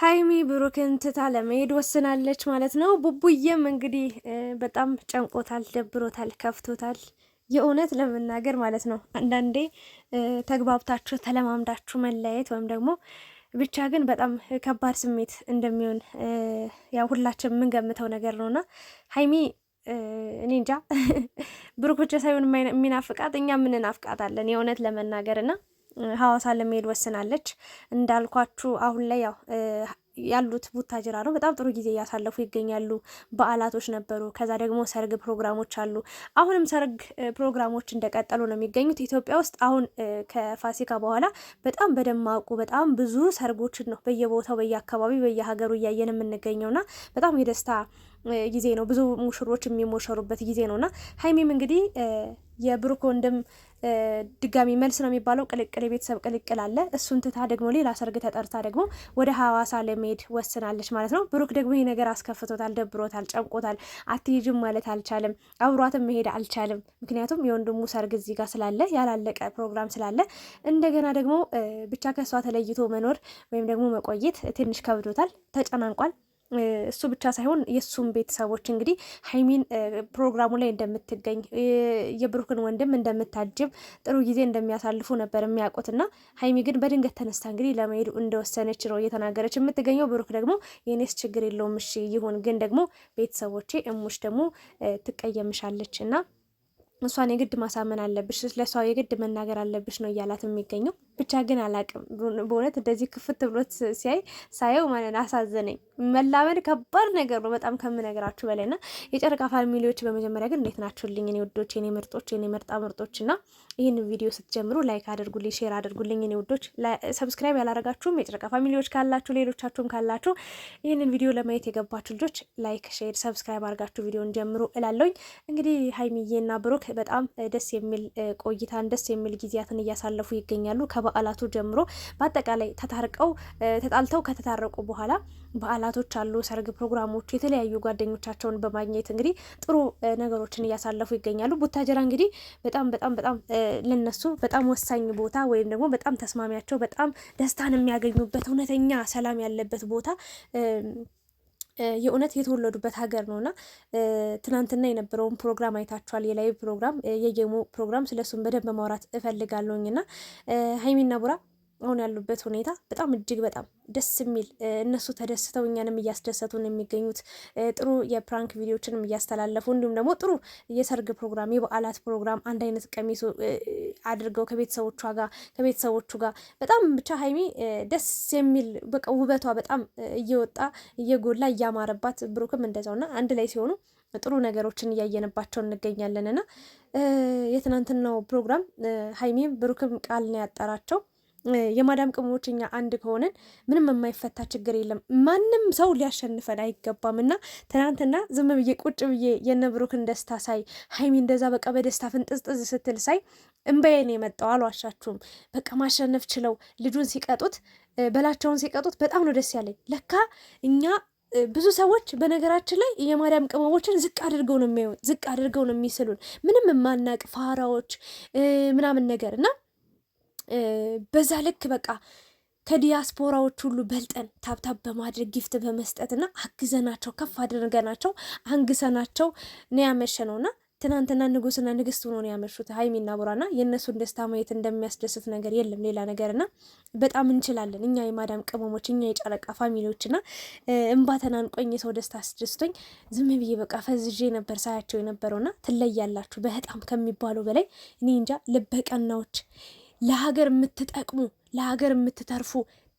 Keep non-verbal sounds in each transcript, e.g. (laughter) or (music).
ሀይሚ ብሩክን ትታ ለመሄድ ወስናለች ማለት ነው። ቡቡዬም እንግዲህ በጣም ጨንቆታል፣ ደብሮታል፣ ከፍቶታል። የእውነት ለመናገር ማለት ነው አንዳንዴ ተግባብታችሁ ተለማምዳችሁ መለያየት ወይም ደግሞ ብቻ ግን በጣም ከባድ ስሜት እንደሚሆን ያው ሁላችን የምንገምተው ነገር ነውና ሀይሚ እኔ እንጃ (laughs) ብሩክ ብቻ ሳይሆን የሚናፍቃት እኛ የምንናፍቃታለን የእውነት ለመናገር እና ሀዋሳ ለመሄድ ወስናለች። እንዳልኳችሁ አሁን ላይ ያው ያሉት ቡታጅራ ነው። በጣም ጥሩ ጊዜ እያሳለፉ ይገኛሉ። በዓላቶች ነበሩ፣ ከዛ ደግሞ ሰርግ ፕሮግራሞች አሉ። አሁንም ሰርግ ፕሮግራሞች እንደቀጠሉ ነው የሚገኙት። ኢትዮጵያ ውስጥ አሁን ከፋሲካ በኋላ በጣም በደማቁ በጣም ብዙ ሰርጎችን ነው በየቦታው በየአካባቢው በየሀገሩ እያየን የምንገኘውና በጣም የደስታ ጊዜ ነው። ብዙ ሙሽሮች የሚሞሸሩበት ጊዜ ነውና ሀይሚም እንግዲህ የብሩክ ወንድም ድጋሚ መልስ ነው የሚባለው ቅልቅል የቤተሰብ ቅልቅል አለ። እሱን ትታ ደግሞ ሌላ ሰርግ ተጠርታ ደግሞ ወደ ሀዋሳ ለመሄድ ወስናለች ማለት ነው። ብሩክ ደግሞ ይህ ነገር አስከፍቶታል፣ ደብሮታል፣ ጨንቆታል። አትሄጂም ማለት አልቻለም፣ አብሯትም መሄድ አልቻለም። ምክንያቱም የወንድሙ ሰርግ እዚህ ጋር ስላለ ያላለቀ ፕሮግራም ስላለ እንደገና ደግሞ ብቻ ከእሷ ተለይቶ መኖር ወይም ደግሞ መቆየት ትንሽ ከብዶታል፣ ተጨናንቋል። እሱ ብቻ ሳይሆን የእሱም ቤተሰቦች እንግዲህ ሀይሚን ፕሮግራሙ ላይ እንደምትገኝ የብሩክን ወንድም እንደምታጅብ ጥሩ ጊዜ እንደሚያሳልፉ ነበር የሚያውቁት እና ሀይሚ ግን በድንገት ተነስታ እንግዲህ ለመሄዱ እንደወሰነች ነው እየተናገረች የምትገኘው። ብሩክ ደግሞ የኔስ ችግር የለውም እሺ ይሁን፣ ግን ደግሞ ቤተሰቦቼ እሙሽ ደግሞ ትቀየምሻለች እና እሷን የግድ ማሳመን አለብሽ፣ ለእሷ የግድ መናገር አለብሽ ነው እያላት የሚገኘው። ብቻ ግን አላቅም በእውነት እንደዚህ ክፍት ብሎት ሲያይ ሳየው ማለት አሳዘነኝ። መላመድ ከባድ ነገር ነው በጣም ከምነግራችሁ በላይ እና የጨረቃ ፋሚሊዎች በመጀመሪያ ግን እንዴት ናችሁልኝ? እኔ ውዶች፣ እኔ ምርጦች፣ እኔ ምርጣ ምርጦች እና ይህን ቪዲዮ ስትጀምሩ ላይክ አድርጉልኝ፣ ሼር አድርጉልኝ። እኔ ውዶች፣ ሰብስክራይብ ያላረጋችሁም የጨረቃ ፋሚሊዎች ካላችሁ ሌሎቻችሁም ካላችሁ ይህንን ቪዲዮ ለማየት የገባችሁ ልጆች ላይክ፣ ሼር፣ ሰብስክራይብ አድርጋችሁ ቪዲዮን ጀምሩ እላለሁኝ። እንግዲህ ሀይሚዬና ብሩክ በጣም ደስ የሚል ቆይታን ደስ የሚል ጊዜያትን እያሳለፉ ይገኛሉ። ከበዓላቱ ጀምሮ በአጠቃላይ ተታርቀው ተጣልተው ከተታረቁ በኋላ በዓላቶች አሉ፣ ሰርግ ፕሮግራሞች፣ የተለያዩ ጓደኞቻቸውን በማግኘት እንግዲህ ጥሩ ነገሮችን እያሳለፉ ይገኛሉ። ቡታጀራ እንግዲህ በጣም በጣም በጣም ለነሱ በጣም ወሳኝ ቦታ ወይም ደግሞ በጣም ተስማሚያቸው በጣም ደስታን የሚያገኙበት እውነተኛ ሰላም ያለበት ቦታ የእውነት የተወለዱበት ሀገር ነው እና ትናንትና የነበረውን ፕሮግራም አይታችኋል። የላይ ፕሮግራም የጌሙ ፕሮግራም ስለሱም በደንብ ማውራት እፈልጋለሁኝ እና ሀይሚና ቡራ አሁን ያሉበት ሁኔታ በጣም እጅግ በጣም ደስ የሚል እነሱ ተደስተው እኛንም እያስደሰቱን የሚገኙት ጥሩ የፕራንክ ቪዲዮችንም እያስተላለፉ እንዲሁም ደግሞ ጥሩ የሰርግ ፕሮግራም፣ የበዓላት ፕሮግራም አንድ አይነት ቀሚስ አድርገው ከቤተሰቦቿ ጋር ከቤተሰቦቹ ጋር በጣም ብቻ ሀይሚ ደስ የሚል በቃ ውበቷ በጣም እየወጣ እየጎላ እያማረባት ብሩክም እንደዛውና አንድ ላይ ሲሆኑ ጥሩ ነገሮችን እያየንባቸው እንገኛለን እና የትናንትናው ፕሮግራም ሀይሚም ብሩክም ቃል ነው ያጠራቸው። የማዳም ቅመሞች እኛ አንድ ከሆነን ምንም የማይፈታ ችግር የለም። ማንም ሰው ሊያሸንፈን አይገባም። እና ትናንትና ዝም ብዬ ቁጭ ብዬ የነብሩክን ደስታ ሳይ ሀይሚ እንደዛ በቃ በደስታ ፍንጥዝጥዝ ስትል ሳይ እምባዬን የመጣው አልዋሻችሁም። በቃ ማሸነፍ ችለው ልጁን ሲቀጡት በላቸውን ሲቀጡት በጣም ነው ደስ ያለኝ። ለካ እኛ ብዙ ሰዎች በነገራችን ላይ የማዳም ቅመሞችን ዝቅ አድርገው ነው የሚያዩን፣ ዝቅ አድርገው ነው የሚስሉን፣ ምንም የማናቅ ፋራዎች ምናምን ነገር እና በዛ ልክ በቃ ከዲያስፖራዎች ሁሉ በልጠን ታብታብ በማድረግ ጊፍት በመስጠትና አግዘናቸው ከፍ አድርገናቸው አንግሰናቸው ነው ያመሸነውና ትናንትና ንጉስና ንግስት ሆኖ ነው ያመሹት። ሀይሚና ቡራና የእነሱን ደስታ ማየት እንደሚያስደስት ነገር የለም ሌላ ነገርና በጣም እንችላለን እኛ የማዳም ቅመሞች እኛ የጨረቃ ፋሚሊዎችና እንባ ተናንቆኝ የሰው ደስታ አስደስቶኝ ዝም ብዬ በቃ ፈዝዤ ነበር ሳያቸው ና ትለያላችሁ በጣም ከሚባሉ በላይ እኔ እንጃ ልበቀናዎች ለሀገር የምትጠቅሙ ለሀገር የምትተርፉ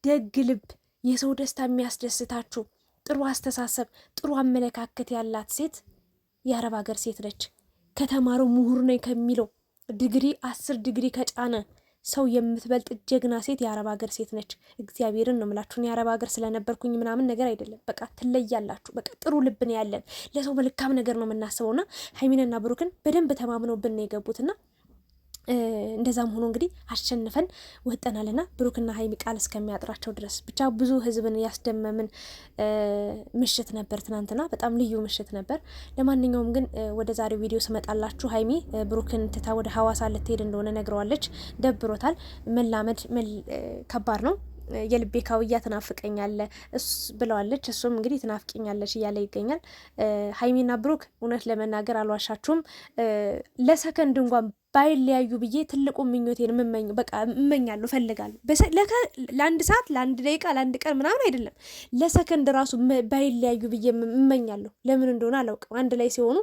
ደግ ልብ የሰው ደስታ የሚያስደስታችሁ ጥሩ አስተሳሰብ ጥሩ አመለካከት ያላት ሴት የአረብ ሀገር ሴት ነች። ከተማረው ምሁር ነኝ ከሚለው ዲግሪ አስር ዲግሪ ከጫነ ሰው የምትበልጥ ጀግና ሴት የአረብ ሀገር ሴት ነች። እግዚአብሔርን ነው ምላችሁን። የአረብ ሀገር ስለነበርኩኝ ምናምን ነገር አይደለም። በቃ ትለያላችሁ። በቃ ጥሩ ልብ ነው ያለን። ለሰው መልካም ነገር ነው የምናስበውና ሀይሚንና ብሩክን በደንብ ተማምኖብን ነው የገቡትና እንደዛም ሆኖ እንግዲህ አሸንፈን ወጠናልና ብሩክና ሀይሚ ቃል እስከሚያጥራቸው ድረስ ብቻ ብዙ ህዝብን ያስደመምን ምሽት ነበር ትናንትና፣ በጣም ልዩ ምሽት ነበር። ለማንኛውም ግን ወደ ዛሬው ቪዲዮ ስመጣላችሁ ሀይሚ ብሩክን ትታ ወደ ሀዋሳ ልትሄድ እንደሆነ ነግረዋለች። ደብሮታል። መላመድ ከባድ ነው። የልቤ ካውያ ትናፍቀኛለ እሱ ብለዋለች። እሱም እንግዲህ ትናፍቀኛለች እያለ ይገኛል። ሀይሚና ብሩክ እውነት ለመናገር አልዋሻችሁም ለሰከንድ እንኳን ባይለያዩ ብዬ ትልቁ ምኞቴን በቃ እመኛለሁ፣ እፈልጋለሁ። ለአንድ ሰዓት፣ ለአንድ ደቂቃ፣ ለአንድ ቀን ምናምን አይደለም፣ ለሰከንድ ራሱ ባይለያዩ ብዬ እመኛለሁ። ለምን እንደሆነ አላውቅም። አንድ ላይ ሲሆኑ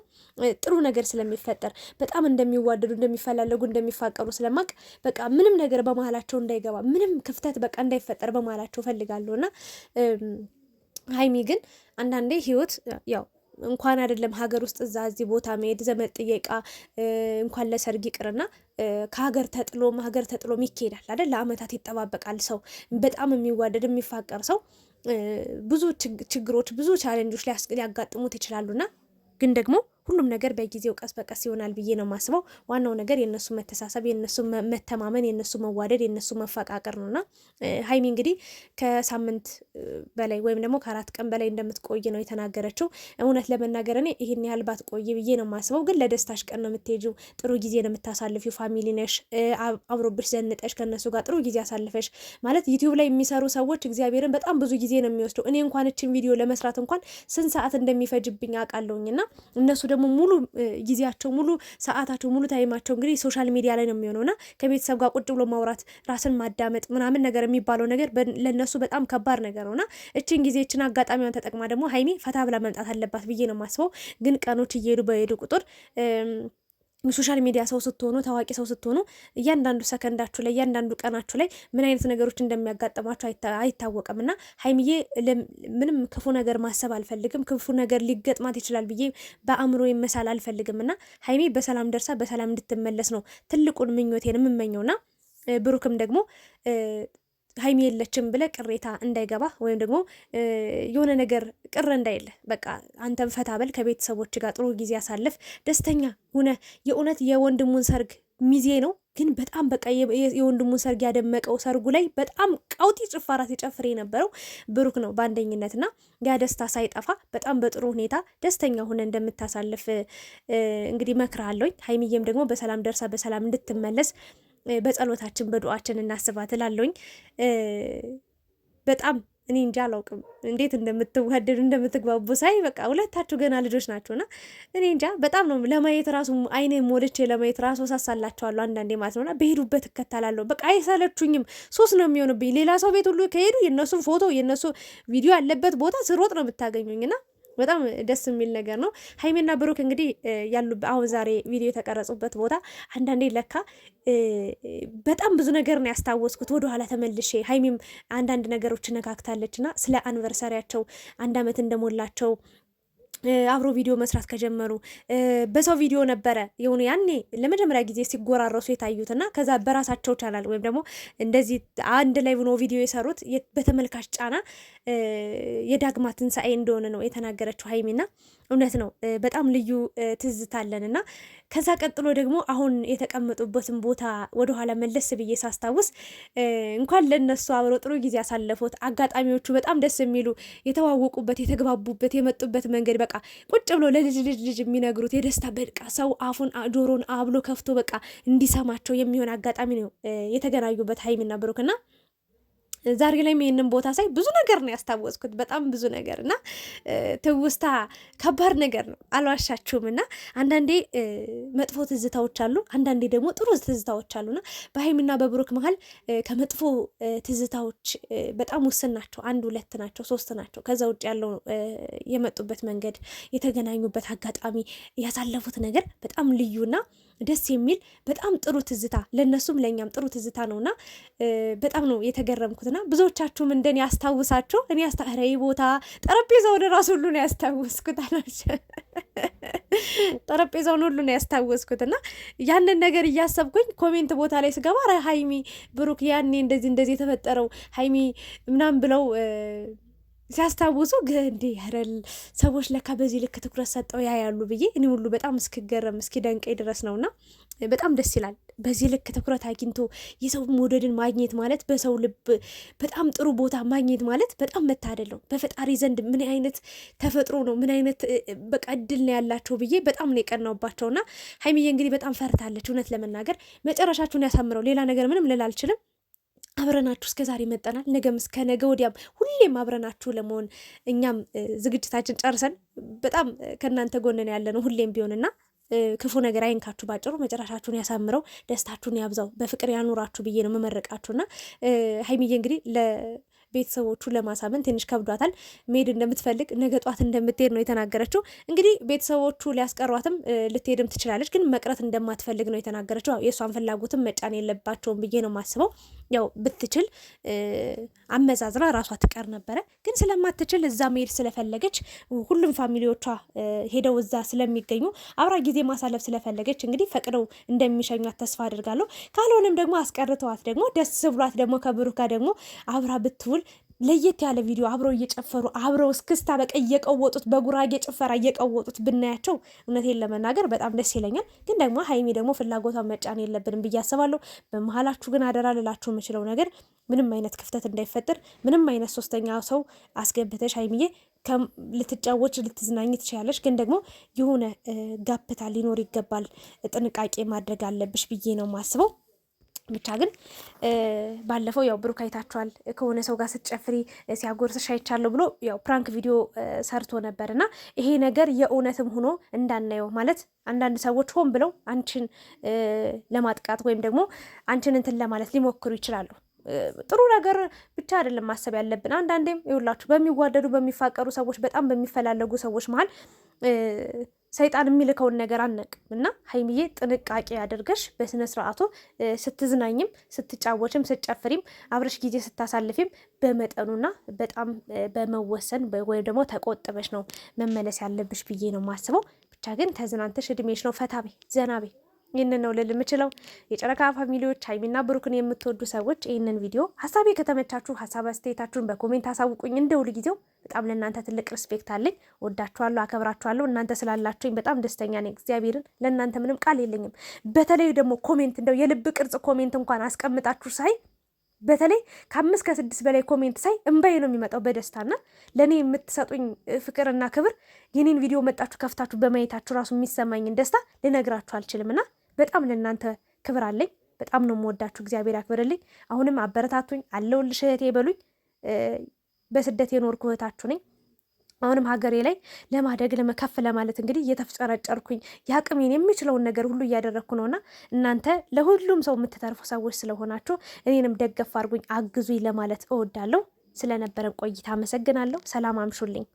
ጥሩ ነገር ስለሚፈጠር በጣም እንደሚዋደዱ፣ እንደሚፈላለጉ፣ እንደሚፋቀሩ ስለማቅ በቃ ምንም ነገር በመሀላቸው እንዳይገባ፣ ምንም ክፍተት በቃ እንዳይፈጠር በመሀላቸው እፈልጋለሁ እና ሀይሚ ግን አንዳንዴ ህይወት ያው እንኳን አይደለም ሀገር ውስጥ እዛ እዚህ ቦታ መሄድ ዘመድ ጥየቃ እንኳን ለሰርግ ይቅርና ከሀገር ተጥሎም ሀገር ተጥሎም ይካሄዳል አይደል? ለአመታት ይጠባበቃል ሰው በጣም የሚዋደድ የሚፋቀር ሰው ብዙ ችግሮች ብዙ ቻሌንጆች ሊያጋጥሙት ይችላሉና ግን ደግሞ ሁሉም ነገር በጊዜው ቀስ በቀስ ይሆናል ብዬ ነው የማስበው። ዋናው ነገር የእነሱ መተሳሰብ፣ የእነሱ መተማመን፣ የእነሱ መዋደድ፣ የእነሱ መፈቃቀር ነው እና ሀይሚ እንግዲህ ከሳምንት በላይ ወይም ደግሞ ከአራት ቀን በላይ እንደምትቆይ ነው የተናገረችው። እውነት ለመናገር እኔ ይህን ያህል ባትቆይ ብዬ ነው የማስበው። ግን ለደስታሽ ቀን ነው የምትሄጂው፣ ጥሩ ጊዜ ነው የምታሳልፊው። ፋሚሊ ነሽ፣ አብሮብሽ ዘንጠሽ ከእነሱ ጋር ጥሩ ጊዜ አሳልፈሽ ማለት ዩቲዩብ ላይ የሚሰሩ ሰዎች እግዚአብሔርን በጣም ብዙ ጊዜ ነው የሚወስደው። እኔ እንኳን እችን ቪዲዮ ለመስራት እንኳን ስንት ሰዓት እንደሚፈጅብኝ አውቃለሁኝ እና እነሱ ደግሞ ሙሉ ጊዜያቸው ሙሉ ሰዓታቸው ሙሉ ታይማቸው እንግዲህ ሶሻል ሚዲያ ላይ ነው የሚሆነው እና ከቤተሰብ ጋር ቁጭ ብሎ ማውራት ራስን ማዳመጥ ምናምን ነገር የሚባለው ነገር ለእነሱ በጣም ከባድ ነገር ነውና እችን ጊዜ እችን አጋጣሚዋን ተጠቅማ ደግሞ ሀይሚ ፈታ ብላ መምጣት አለባት ብዬ ነው የማስበው። ግን ቀኖች እየሄዱ በሄዱ ቁጥር ሶሻል ሚዲያ ሰው ስትሆኑ ታዋቂ ሰው ስትሆኑ እያንዳንዱ ሰከንዳችሁ ላይ እያንዳንዱ ቀናችሁ ላይ ምን አይነት ነገሮች እንደሚያጋጥማችሁ አይታወቅም እና ሀይሚዬ ምንም ክፉ ነገር ማሰብ አልፈልግም። ክፉ ነገር ሊገጥማት ይችላል ብዬ በአእምሮ መሳል አልፈልግም እና ሀይሜ በሰላም ደርሳ በሰላም እንድትመለስ ነው ትልቁን ምኞቴን የምመኘውና ብሩክም ደግሞ ሀይሚ የለችም ብለ ቅሬታ እንዳይገባ ወይም ደግሞ የሆነ ነገር ቅር እንዳይል በቃ አንተም ፈታ በል ከቤተሰቦች ጋር ጥሩ ጊዜ አሳልፍ፣ ደስተኛ ሁነ። የእውነት የወንድሙን ሰርግ ሚዜ ነው ግን በጣም በቃ የወንድሙን ሰርግ ያደመቀው ሰርጉ ላይ በጣም ቀውጢ ጭፈራ ሲጨፍር የነበረው ብሩክ ነው በአንደኝነትና ያ ደስታ ሳይጠፋ በጣም በጥሩ ሁኔታ ደስተኛ ሆነ እንደምታሳልፍ እንግዲህ መክርሃለሁኝ። ሀይሚዬም ደግሞ በሰላም ደርሳ በሰላም እንድትመለስ በጸሎታችን በዱዋችን እናስባት እላለሁኝ። በጣም እኔ እንጃ አላውቅም እንዴት እንደምትዋደዱ እንደምትግባቡ ሳይ በቃ ሁለታችሁ ገና ልጆች ናቸውና እኔ እንጃ በጣም ነው ለማየት ራሱ አይኔ ሞልቼ ለማየት ራሱ ሳሳላቸዋለሁ አንዳንዴ ማለት ነውና በሄዱበት እከተላለሁ። በቃ አይሰለችኝም። ሶስት ነው የሚሆንብኝ። ሌላ ሰው ቤት ሁሉ ከሄዱ የነሱ ፎቶ የእነሱ ቪዲዮ ያለበት ቦታ ስሮጥ ነው የምታገኙኝና በጣም ደስ የሚል ነገር ነው። ሀይሜና ብሩክ እንግዲህ ያሉ አሁን ዛሬ ቪዲዮ የተቀረጹበት ቦታ አንዳንዴ ለካ በጣም ብዙ ነገር ነው ያስታወስኩት ወደኋላ ተመልሼ። ሀይሜም አንዳንድ ነገሮች ነካክታለች እና ስለ አንቨርሳሪያቸው አንድ አመት እንደሞላቸው አብሮ ቪዲዮ መስራት ከጀመሩ በሰው ቪዲዮ ነበረ የሆነ ያኔ ለመጀመሪያ ጊዜ ሲጎራረሱ የታዩት እና ከዛ በራሳቸው ቻናል ወይም ደግሞ እንደዚህ አንድ ላይ ሆኖ ቪዲዮ የሰሩት በተመልካች ጫና የዳግማ ትንሣኤ እንደሆነ ነው የተናገረችው ሀይሚና እውነት ነው በጣም ልዩ ትዝታለን እና ከዛ ቀጥሎ ደግሞ አሁን የተቀመጡበትን ቦታ ወደኋላ መለስ ብዬ ሳስታውስ እንኳን ለነሱ አብረው ጥሩ ጊዜ ያሳለፉት አጋጣሚዎቹ በጣም ደስ የሚሉ የተዋወቁበት፣ የተግባቡበት፣ የመጡበት መንገድ በቃ ቁጭ ብሎ ለልጅ ልጅ ልጅ የሚነግሩት የደስታ በቃ ሰው አፉን ዶሮን አብሎ ከፍቶ በቃ እንዲሰማቸው የሚሆን አጋጣሚ ነው የተገናኙበት ሀይሚና ብሩክ እና ዛሬ ላይ ይህንን ቦታ ሳይ ብዙ ነገር ነው ያስታወስኩት፣ በጣም ብዙ ነገር እና ትውስታ ከባድ ነገር ነው አልዋሻችሁም። እና አንዳንዴ መጥፎ ትዝታዎች አሉ፣ አንዳንዴ ደግሞ ጥሩ ትዝታዎች አሉና በሀይሚና በብሩክ መሀል ከመጥፎ ትዝታዎች በጣም ውስን ናቸው። አንድ ሁለት ናቸው፣ ሶስት ናቸው። ከዛ ውጭ ያለው የመጡበት መንገድ፣ የተገናኙበት አጋጣሚ፣ ያሳለፉት ነገር በጣም ልዩና ደስ የሚል በጣም ጥሩ ትዝታ ለእነሱም ለእኛም ጥሩ ትዝታ ነውና በጣም ነው የተገረምኩትና ብዙዎቻችሁም እንደኔ ያስታውሳችሁ እኔ ያስታረይ ቦታ ጠረጴዛውን ራሱ ሁሉ ነው ያስታወስኩት (laughs) ጠረጴዛውን ሁሉ ነው ያስታወስኩት እና ያንን ነገር እያሰብኩኝ ኮሜንት ቦታ ላይ ስገባ ሀይሚ ብሩክ ያኔ እንደዚህ እንደዚህ የተፈጠረው ሀይሚ ምናምን ብለው ሲያስታውሱ ግን ያረል ሰዎች ለካ በዚህ ልክ ትኩረት ሰጠው ያ ያሉ ብዬ እኔ ሁሉ በጣም እስክገረም እስኪደንቀኝ ድረስ ነውና በጣም ደስ ይላል። በዚህ ልክ ትኩረት አግኝቶ የሰው መውደድን ማግኘት ማለት በሰው ልብ በጣም ጥሩ ቦታ ማግኘት ማለት በጣም መታደል ነው። በፈጣሪ ዘንድ ምን አይነት ተፈጥሮ ነው፣ ምን አይነት በቃ እድል ነው ያላቸው ብዬ በጣም ነው የቀናውባቸውና ሀይሚዬ እንግዲህ በጣም ፈርታለች። እውነት ለመናገር መጨረሻችሁን ያሳምረው። ሌላ ነገር ምንም ልል አልችልም። አብረናችሁ እስከ ዛሬ መጠናል። ነገም እስከ ነገ ወዲያም ሁሌም አብረናችሁ ለመሆን እኛም ዝግጅታችን ጨርሰን በጣም ከእናንተ ጎንን ያለ ነው ሁሌም ቢሆንና ክፉ ነገር አይንካችሁ፣ ባጭሩ መጨረሻችሁን ያሳምረው፣ ደስታችሁን ያብዛው፣ በፍቅር ያኑራችሁ ብዬ ነው መመረቃችሁና ሀይሚዬ እንግዲህ ቤተሰቦቹ ለማሳመን ትንሽ ከብዷታል። መሄድ እንደምትፈልግ ነገ ጧት እንደምትሄድ ነው የተናገረችው። እንግዲህ ቤተሰቦቹ ሊያስቀሯትም ልትሄድም ትችላለች፣ ግን መቅረት እንደማትፈልግ ነው የተናገረችው። የእሷን ፍላጎትም መጫን የለባቸውም ብዬ ነው የማስበው። ያው ብትችል አመዛዝና ራሷ ትቀር ነበረ፣ ግን ስለማትችል እዛ መሄድ ስለፈለገች ሁሉም ፋሚሊዎቿ ሄደው እዛ ስለሚገኙ አብራ ጊዜ ማሳለፍ ስለፈለገች እንግዲህ ፈቅደው እንደሚሸኟት ተስፋ አድርጋለሁ። ካልሆነም ደግሞ አስቀርተዋት ደግሞ ደስ ብሏት ደግሞ ከብሩክ ጋር ደግሞ አብራ ብትውል ለየት ያለ ቪዲዮ አብረው እየጨፈሩ አብረው እስክስታ በቃ እየቀወጡት በጉራጌ ጭፈራ እየቀወጡት ብናያቸው እውነቴን ለመናገር በጣም ደስ ይለኛል። ግን ደግሞ ሀይሚ ደግሞ ፍላጎቷን መጫን የለብንም ብዬ አስባለሁ። በመሀላችሁ ግን አደራ ልላችሁ የምችለው ነገር ምንም አይነት ክፍተት እንዳይፈጥር ምንም አይነት ሶስተኛ ሰው አስገብተሽ ሀይሚዬ ልትጫወች ልትዝናኝ ትችላለች። ግን ደግሞ የሆነ ጋፕታ ሊኖር ይገባል፣ ጥንቃቄ ማድረግ አለብሽ ብዬ ነው የማስበው። ብቻ ግን ባለፈው ያው ብሩክ አይታችኋል፣ ከሆነ ሰው ጋር ስትጨፍሪ ሲያጎርስሽ አይቻለሁ ብሎ ያው ፕራንክ ቪዲዮ ሰርቶ ነበር እና ይሄ ነገር የእውነትም ሆኖ እንዳናየው ማለት አንዳንድ ሰዎች ሆን ብለው አንቺን ለማጥቃት ወይም ደግሞ አንቺን እንትን ለማለት ሊሞክሩ ይችላሉ። ጥሩ ነገር ብቻ አይደለም ማሰብ ያለብን። አንዳንዴም ይውላችሁ በሚዋደዱ በሚፋቀሩ ሰዎች፣ በጣም በሚፈላለጉ ሰዎች መሀል ሰይጣን የሚልከውን ነገር አናቅም እና ሀይሚዬ ጥንቃቄ አድርገሽ በስነ ስርዓቱ ስትዝናኝም ስትጫወችም ስትጨፍሪም አብረሽ ጊዜ ስታሳልፊም በመጠኑና በጣም በመወሰን ወይም ደግሞ ተቆጥበሽ ነው መመለስ ያለብሽ ብዬ ነው የማስበው። ብቻ ግን ተዝናንተሽ እድሜሽ ነው ፈታቤ ዘናቤ ይህንን ነው ልል የምችለው። የጨረቃ ፋሚሊዎች ሀይሚና ብሩክን የምትወዱ ሰዎች ይህንን ቪዲዮ ሀሳቤ ከተመቻችሁ ሀሳብ አስተያየታችሁን በኮሜንት አሳውቁኝ። እንደ ሁል ጊዜው በጣም ለእናንተ ትልቅ ሪስፔክት አለኝ። ወዳችኋለሁ፣ አከብራችኋለሁ። እናንተ ስላላችሁኝ በጣም ደስተኛ ነኝ። እግዚአብሔርን ለእናንተ ምንም ቃል የለኝም። በተለይ ደግሞ ኮሜንት እንደው የልብ ቅርጽ ኮሜንት እንኳን አስቀምጣችሁ ሳይ በተለይ ከአምስት ከስድስት በላይ ኮሜንት ሳይ እምባዬ ነው የሚመጣው በደስታና ለእኔ የምትሰጡኝ ፍቅርና ክብር የኔን ቪዲዮ መጣችሁ ከፍታችሁ በማየታችሁ ራሱ የሚሰማኝን ደስታ ልነግራችሁ አልችልምና በጣም ለእናንተ ክብር አለኝ። በጣም ነው የምወዳችሁ። እግዚአብሔር ያክብርልኝ። አሁንም አበረታቱኝ፣ አለሁልሽ እህቴ በሉኝ። በስደት የኖርኩ እህታችሁ ነኝ። አሁንም ሀገሬ ላይ ለማደግ ለመከፍ ለማለት እንግዲህ እየተፍጨረጨርኩኝ የአቅሜን የሚችለውን ነገር ሁሉ እያደረግኩ ነውና እናንተ ለሁሉም ሰው የምትተርፉ ሰዎች ስለሆናችሁ እኔንም ደገፍ አድርጉኝ፣ አግዙኝ ለማለት እወዳለሁ። ስለነበረን ቆይታ አመሰግናለሁ። ሰላም አምሹልኝ።